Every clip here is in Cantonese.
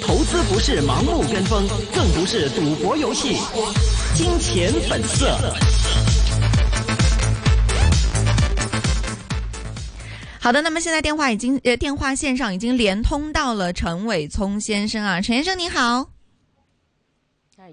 投資不是盲目跟風，更不是賭博遊戲，金錢本色。好的，那麼現在電話已經呃電話線上已經連通到了陳偉聰先生啊，陳先生你好。Hi,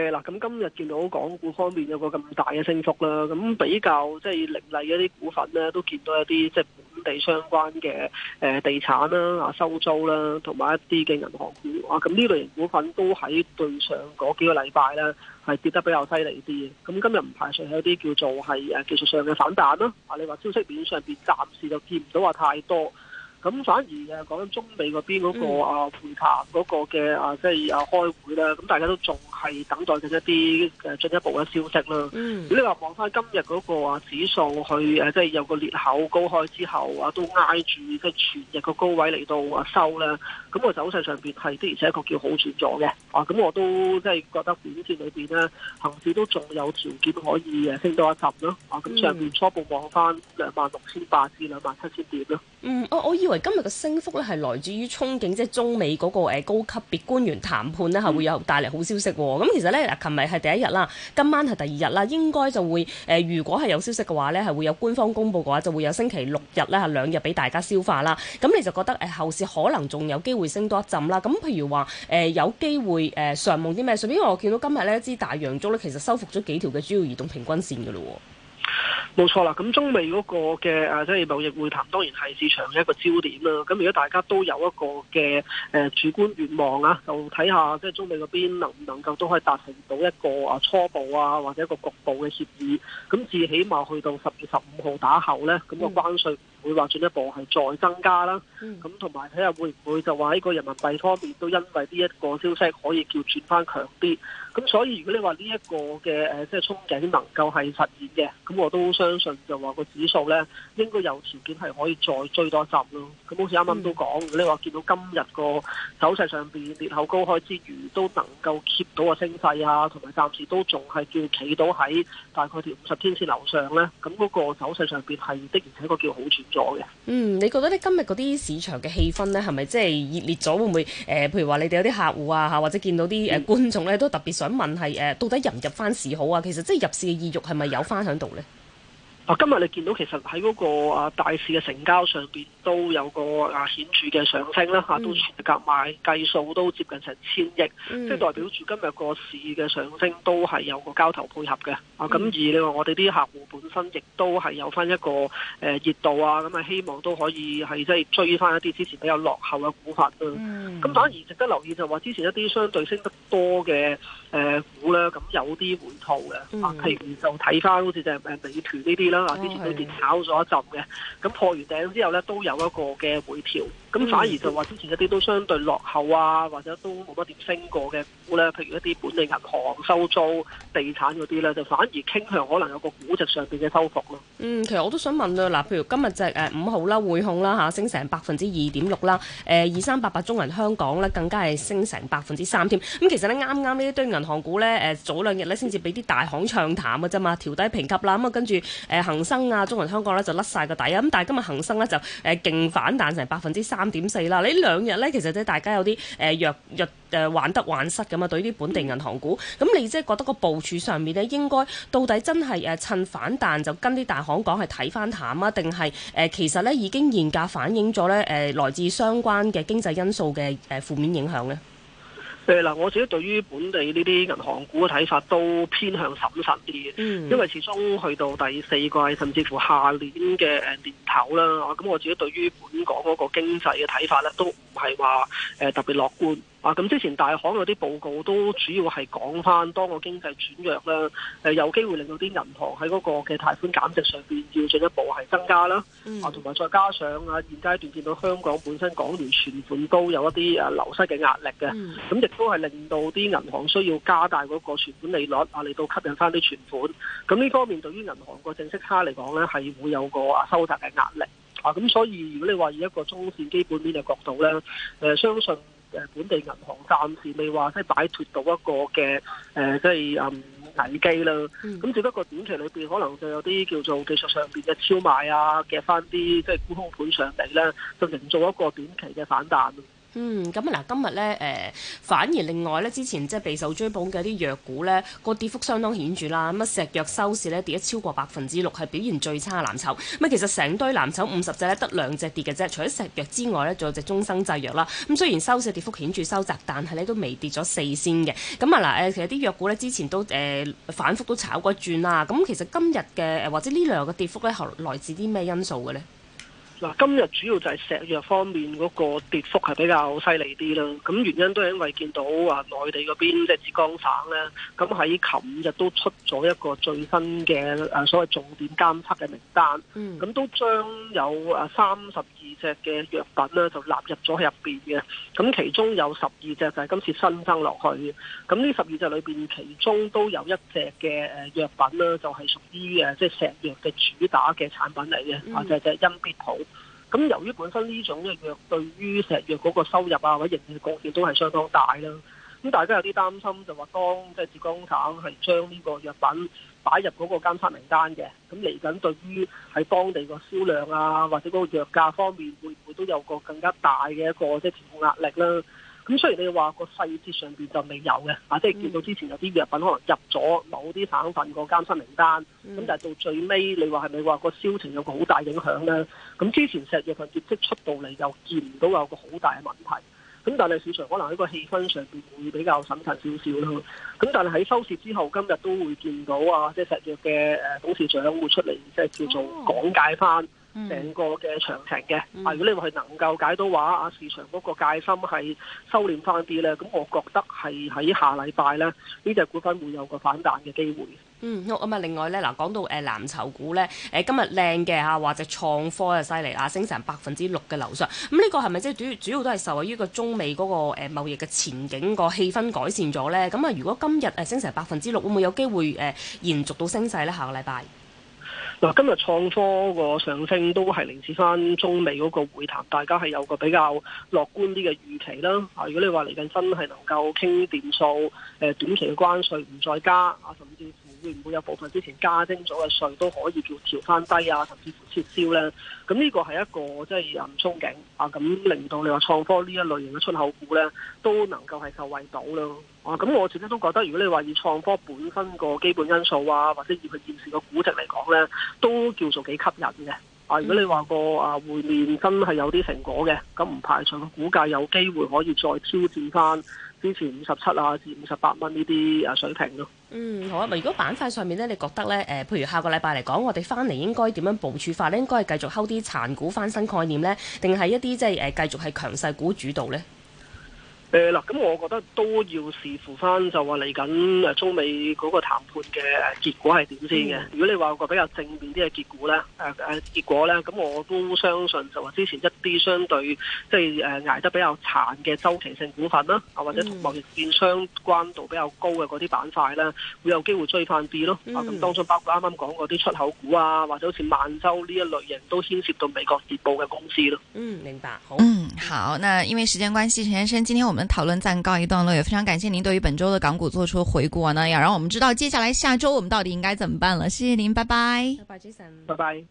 嗱，咁今日見到港股方面有個咁大嘅升幅啦，咁比較即係凌厲一啲股份咧，都見到一啲即係本地相關嘅地產啦、啊、啊收租啦、啊，同埋一啲嘅銀行股啊，咁呢類型股份都喺對上嗰幾個禮拜咧係跌得比較犀利啲嘅。咁今日唔排除有啲叫做係技術上嘅反彈啦。啊，你話消息面上面暫時就見唔到話太多，咁反而誒講中美嗰邊嗰個啊會談嗰個嘅啊即係、就是、啊開會啦，咁大家都仲，係等待緊一啲誒進一步嘅消息啦。嗯，如你話望翻今日嗰個啊指數去誒，即係有個裂口高開之後啊，都挨住即係全日個高位嚟到啊收啦。咁我走勢上邊係的而且確叫好轉咗嘅。啊，咁我都即係覺得短線裏邊咧，恒指都仲有條件可以誒升多一陣咯。啊、嗯，咁上邊初步望翻兩萬六千八至兩萬七千點咯。嗯，我我以為今日嘅升幅咧係來自於憧憬，即係中美嗰個高級別官員談判咧，係會有帶嚟好消息喎。咁、嗯、其實咧琴日係第一日啦，今晚係第二日啦，應該就會誒，如果係有消息嘅話咧，係會有官方公佈嘅話，就會有星期六日咧嚇兩日俾大家消化啦。咁你就覺得誒後市可能仲有機會升多一陣啦。咁譬如話誒、呃、有機會誒上望啲咩？順便我見到今日咧支大陽燭咧，其實收復咗幾條嘅主要移動平均線㗎咯。冇錯啦，咁中美嗰個嘅即係貿易會談，當然係市場一個焦點啦。咁如果大家都有一個嘅、呃、主觀願望啊，就睇下即係中美嗰邊能唔能夠都可以達成到一個啊初步啊或者一個局部嘅協議，咁至起碼去到十月十五號打後咧，咁、個關稅、嗯。會話進一步係再增加啦，咁同埋睇下會唔會就話呢個人民幣方面都因為呢一個消息可以叫轉翻強啲，咁所以如果你話呢一個嘅誒即係憧憬能夠係實現嘅，咁我都相信就話個指數呢應該有條件係可以再追多一浸咯。咁好似啱啱都講，嗯、你話見到今日個走勢上邊裂口高開之餘都能夠 keep 到個升勢啊，同埋暫時都仲係叫企到喺大概條五十天線樓上呢。咁嗰個走勢上邊係的而且確叫好轉。嗯，你覺得呢今日嗰啲市場嘅氣氛呢，係咪即係熱烈咗？會唔會誒、呃？譬如話你哋有啲客戶啊嚇，或者見到啲誒、呃嗯、觀眾呢，都特別想問係誒、呃，到底入唔入翻市好啊？其實即係入市嘅意欲係咪有翻喺度呢？啊，今日你見到其實喺嗰個啊大市嘅成交上面都有個啊顯著嘅上升啦，嗯、都全隔買計數都接近成千億，即、嗯、代表住今日個市嘅上升都係有個交投配合嘅。咁、嗯、而你話我哋啲客戶本身亦都係有翻一個誒熱度啊，咁啊希望都可以係即係追翻一啲之前比較落後嘅股份咯。咁、嗯、反而值得留意就係話之前一啲相對升得多嘅股咧，咁有啲回吐嘅。譬、嗯、如就睇翻好似就係美團呢啲。之前都已經炒咗一陣嘅，咁破完頂之後咧，都有一個嘅回調。咁、嗯、反而就話之前一啲都相對落後啊，或者都冇乜點升過嘅股咧，譬如一啲本地銀行、收租、地產嗰啲咧，就反而傾向可能有個估值上面嘅收復咯。嗯，其實我都想問啊，嗱，譬如今日就誒五號啦，匯控啦嚇，升成百分之二點六啦，誒二三八八中銀香港咧，更加係升成百分之三添。咁其實咧，啱啱呢一堆銀行股咧，早兩日咧先至俾啲大行唱淡啊，啫嘛，調低評級啦，咁啊跟住恆生啊、中銀香港咧就甩晒個底啊，咁但係今日恒生咧就勁反彈成百分之三。三點四啦，你兩呢兩日咧，其實即係大家有啲誒弱弱誒患得患失咁啊，對呢啲本地銀行股，咁你即係覺得個部署上面咧，應該到底真係誒、呃、趁反彈就跟啲大行講係睇翻淡啊，定係誒其實咧已經現價反映咗咧誒來自相關嘅經濟因素嘅誒、呃、負面影響咧？誒嗱，我自己對於本地呢啲銀行股嘅睇法都偏向審慎啲嘅，嗯。因為始終去到第四季，甚至乎下年嘅誒年頭啦，咁我自己對於本港嗰個經濟嘅睇法咧，都唔係話誒特別樂觀。啊，咁之前大行有啲報告都主要係講翻當個經濟轉弱啦，有機會令到啲銀行喺嗰個嘅貸款減值上面要進一步係增加啦。啊、嗯，同埋再加上啊，現階段見到香港本身港元存款都有一啲流失嘅壓力嘅，咁亦、嗯、都係令到啲銀行需要加大嗰個存款利率啊，嚟到吸引翻啲存款。咁呢方面對於銀行個淨息差嚟講咧，係會有個啊收窄嘅壓力。啊，咁所以如果你話以一個中線基本面嘅角度咧、呃，相信。誒本地銀行暫時未話即係擺脱到一個嘅誒即係誒危機啦，咁、嗯、只不過短期裏邊可能就有啲叫做技術上邊嘅超賣啊，夾翻啲即係沽空盤上嚟咧，就營造一個短期嘅反彈。嗯，咁啊嗱，今日咧，反而另外咧，之前即係備受追捧嘅啲藥股咧，個跌幅相當顯著啦。咁啊，石藥收市咧跌咗超過百分之六，係表現最差藍籌。咁其實成堆藍籌五十隻咧，得兩隻跌嘅啫。除咗石藥之外咧，仲有隻中生製藥啦。咁雖然收市跌幅顯著收窄，但係咧都未跌咗四仙嘅。咁啊嗱，其實啲藥股咧之前都誒、呃、反覆都炒過一轉啦。咁其實今日嘅或者呢兩日嘅跌幅咧，來自啲咩因素嘅咧？嗱，今日主要就係石藥方面嗰個跌幅係比較犀利啲啦，咁原因都係因為見到啊內地嗰邊即係、就是、浙江省咧，咁喺琴日都出咗一個最新嘅誒、啊、所謂重點監測嘅名單，咁都將有誒三十隻嘅藥品咧就納入咗喺入邊嘅，咁其中有十二隻就係今次新增落去嘅，咁呢十二隻裏邊其中都有一隻嘅誒藥品咧就係屬於誒即係石藥嘅主打嘅產品嚟嘅，或者就係恩必普。咁由於本身呢種咧藥對於石藥嗰個收入啊或者營業貢亦都係相當大啦，咁大家有啲擔心就話當即係浙江省係將呢個藥品， 擺入嗰個監測名單嘅，咁嚟緊對於喺當地個銷量啊，或者嗰個藥價方面，會唔會都有個更加大嘅一個即係調控壓力咧？咁雖然你話個細節上邊就未有嘅，啊，即係見到之前有啲藥品可能入咗某啲省份個監測名單，咁、嗯、但係到最尾，你話係咪話個銷情有個好大影響咧？咁之前石藥佢業績出到嚟，又見唔到有個好大嘅問題。咁但係市場可能喺個氣氛上面會比較審慎少少咯。咁但係喺收市之後，今日都會見到啊，即係石藥嘅誒董事長會出嚟，即係叫做講解返。哦成、嗯、個嘅長城嘅，啊、嗯！如果你話係能夠解到話，啊，市場嗰個戒心係收斂翻啲咧，咁我覺得係喺下禮拜咧，呢隻股份會有個反彈嘅機會。嗯，好咁啊！另外咧，嗱講到誒藍籌股咧，誒今日靚嘅嚇，話隻創科又犀利啊，升成百分之六嘅樓上。咁呢個係咪即係主要主要都係受惠於個中美嗰個誒貿易嘅前景個氣氛改善咗咧？咁啊，如果今日誒升成百分之六，會唔會有機會誒延續到升勢咧？下個禮拜？嗱，今日創科個上升都係嚟自翻中美嗰個會談，大家係有個比較樂觀啲嘅預期啦。啊，如果你話嚟緊真係能夠傾掂數，誒短期嘅關稅唔再加啊，甚至，會唔會有部分之前加徵咗嘅稅都可以叫調翻低啊，甚至乎撤銷呢？咁呢個係一個即係暗憧憬啊，咁令到你話創科呢一類型嘅出口股呢，都能夠係受惠到咯。啊，咁我自己都覺得，如果你話以創科本身個基本因素啊，或者以佢現時個估值嚟講呢，都叫做幾吸引嘅。啊，如果你話個啊會面真係有啲成果嘅，咁唔排除個股價有機會可以再挑戰翻。支持五十七啊至五十八蚊呢啲啊水平咯。嗯，好啊。如果板塊上面咧，你覺得咧誒，譬如下個禮拜嚟講，我哋翻嚟應該點樣部署法咧？應該係繼續睺啲殘股翻身概念咧，定係一啲即係誒繼續係強勢股主導咧？誒，嗱、嗯，咁我覺得都要視乎翻就話嚟緊誒中美嗰個談判嘅結果係點先嘅。嗯、如果你話個比較正面啲嘅結果咧，誒、呃、誒結果咧，咁我都相信就話之前一啲相對即係誒捱得比較殘嘅周期性股份啦，啊或者同貿易戰相關度比較高嘅嗰啲板塊咧，會有機會追翻啲咯。咁、嗯啊、當中包括啱啱講嗰啲出口股啊，或者好似萬洲呢一類型都牽涉到美國撤保嘅公司咯。嗯，明白。好。好嗯，好。那因為時間關係，陳先生，今天我們。討論暫告一段落，也非常感謝您對於本週的港股做出回顧。那要讓我們知道，接下來下週我們到底應該怎麼辦了？謝謝您，拜拜。拜，Jason，拜拜。